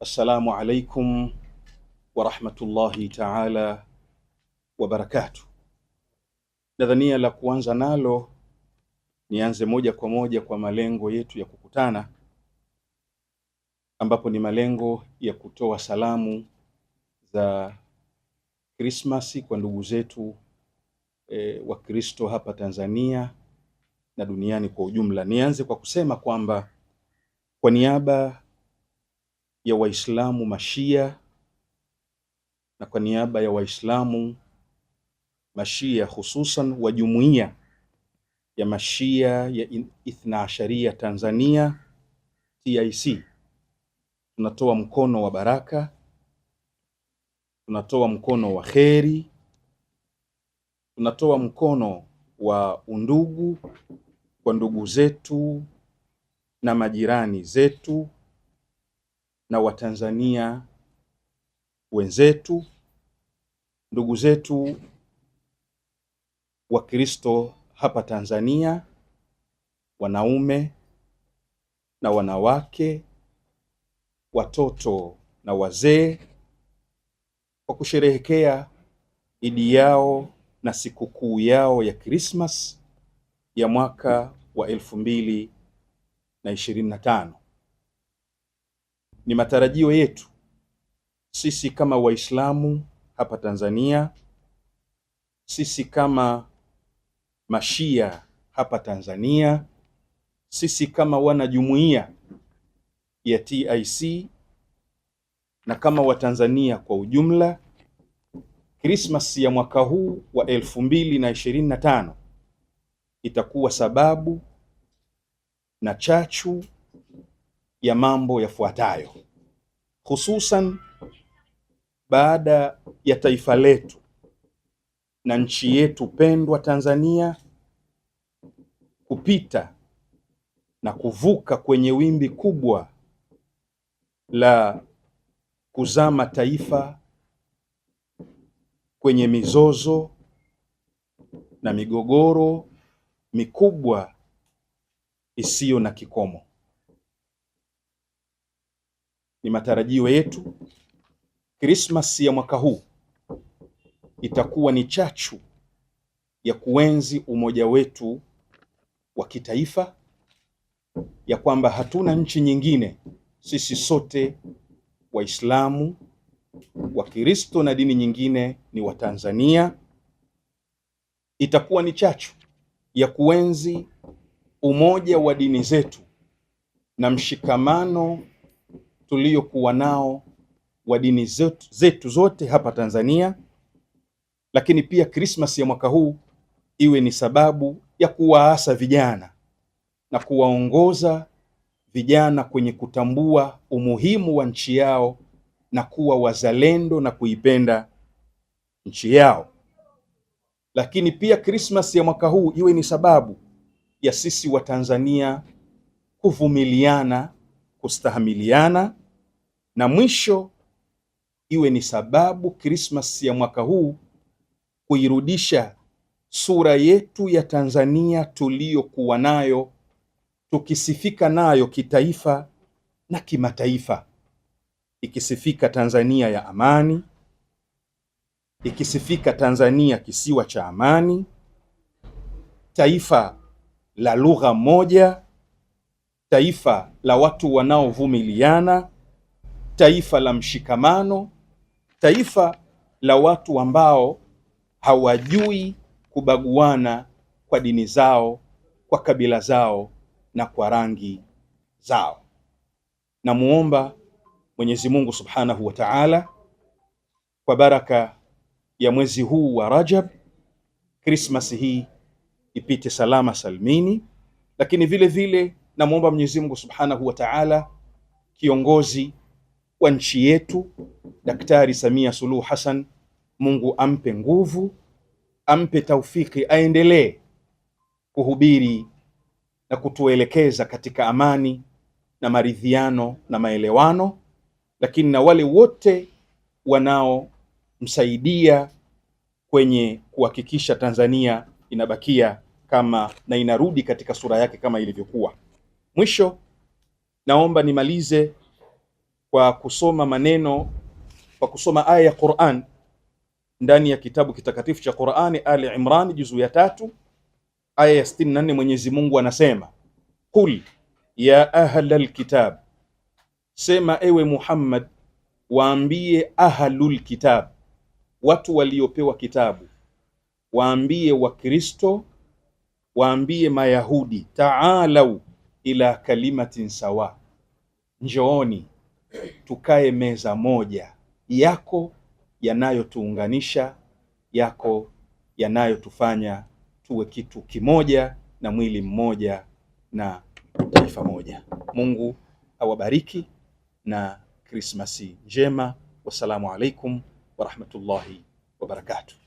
Assalamu alaikum warahmatullahi taala wabarakatuh. Nadhania la kuanza nalo nianze moja kwa moja kwa malengo yetu ya kukutana, ambapo ni malengo ya kutoa salamu za Krismasi kwa ndugu zetu e, eh, Wakristo hapa Tanzania na duniani kwa ujumla. Nianze kwa kusema kwamba kwa niaba ya Waislamu Mashia na kwa niaba ya Waislamu Mashia hususan wa jumuiya ya Mashia ya Ithna Asharia Tanzania TIC, tunatoa mkono wa baraka, tunatoa mkono wa kheri, tunatoa mkono wa undugu kwa ndugu zetu na majirani zetu na Watanzania wenzetu, ndugu zetu wa kristo hapa Tanzania, wanaume na wanawake, watoto na wazee, kwa kusherehekea Idi yao na sikukuu yao ya Krismas ya mwaka wa elfu mbili na ishirini na tano. Ni matarajio yetu sisi kama Waislamu hapa Tanzania, sisi kama Mashia hapa Tanzania, sisi kama wanajumuiya ya TIC na kama Watanzania kwa ujumla, krismas ya mwaka huu wa elfu mbili na ishirini na tano itakuwa sababu na chachu ya mambo yafuatayo, hususan baada ya taifa letu na nchi yetu pendwa Tanzania kupita na kuvuka kwenye wimbi kubwa la kuzama taifa kwenye mizozo na migogoro mikubwa isiyo na kikomo ni matarajio yetu Krismasi ya mwaka huu itakuwa ni chachu ya kuenzi umoja wetu wa kitaifa, ya kwamba hatuna nchi nyingine, sisi sote Waislamu, Wakristo na dini nyingine ni Watanzania. Itakuwa ni chachu ya kuenzi umoja wa dini zetu na mshikamano tuliokuwa nao wa dini zetu, zetu zote hapa Tanzania, lakini pia Krismasi ya mwaka huu iwe ni sababu ya kuwaasa vijana na kuwaongoza vijana kwenye kutambua umuhimu wa nchi yao na kuwa wazalendo na kuipenda nchi yao. Lakini pia Krismasi ya mwaka huu iwe ni sababu ya sisi Watanzania kuvumiliana, kustahamiliana na mwisho iwe ni sababu krismas ya mwaka huu kuirudisha sura yetu ya Tanzania tuliyokuwa nayo, tukisifika nayo kitaifa na kimataifa, ikisifika Tanzania ya amani, ikisifika Tanzania kisiwa cha amani, taifa la lugha moja, taifa la watu wanaovumiliana taifa la mshikamano, taifa la watu ambao hawajui kubaguana kwa dini zao, kwa kabila zao na kwa rangi zao. Namuomba Mwenyezi Mungu Subhanahu wa Ta'ala kwa baraka ya mwezi huu wa Rajab, Christmas hii ipite salama salmini, lakini vile vile namwomba Mwenyezi Mungu Subhanahu wa Ta'ala kiongozi wa nchi yetu Daktari Samia Suluhu Hassan, Mungu ampe nguvu, ampe taufiki, aendelee kuhubiri na kutuelekeza katika amani na maridhiano na maelewano, lakini na wale wote wanaomsaidia kwenye kuhakikisha Tanzania inabakia kama na inarudi katika sura yake kama ilivyokuwa. Mwisho, naomba nimalize kwa kusoma maneno kwa kusoma aya ya Qur'an ndani ya kitabu kitakatifu cha Qur'ani Ali Imran juzu ya tatu aya ya 64, Mwenyezi Mungu anasema qul ya ahlal kitab, sema ewe Muhammad, waambie ahlul kitab, watu waliopewa kitabu, waambie Wakristo, waambie Mayahudi, taalau ila kalimatin sawa, njooni tukae meza moja, yako yanayotuunganisha, yako yanayotufanya tuwe kitu kimoja na mwili mmoja na taifa moja. Mungu awabariki na Krismasi njema. Wassalamu alaikum warahmatullahi wabarakatuh.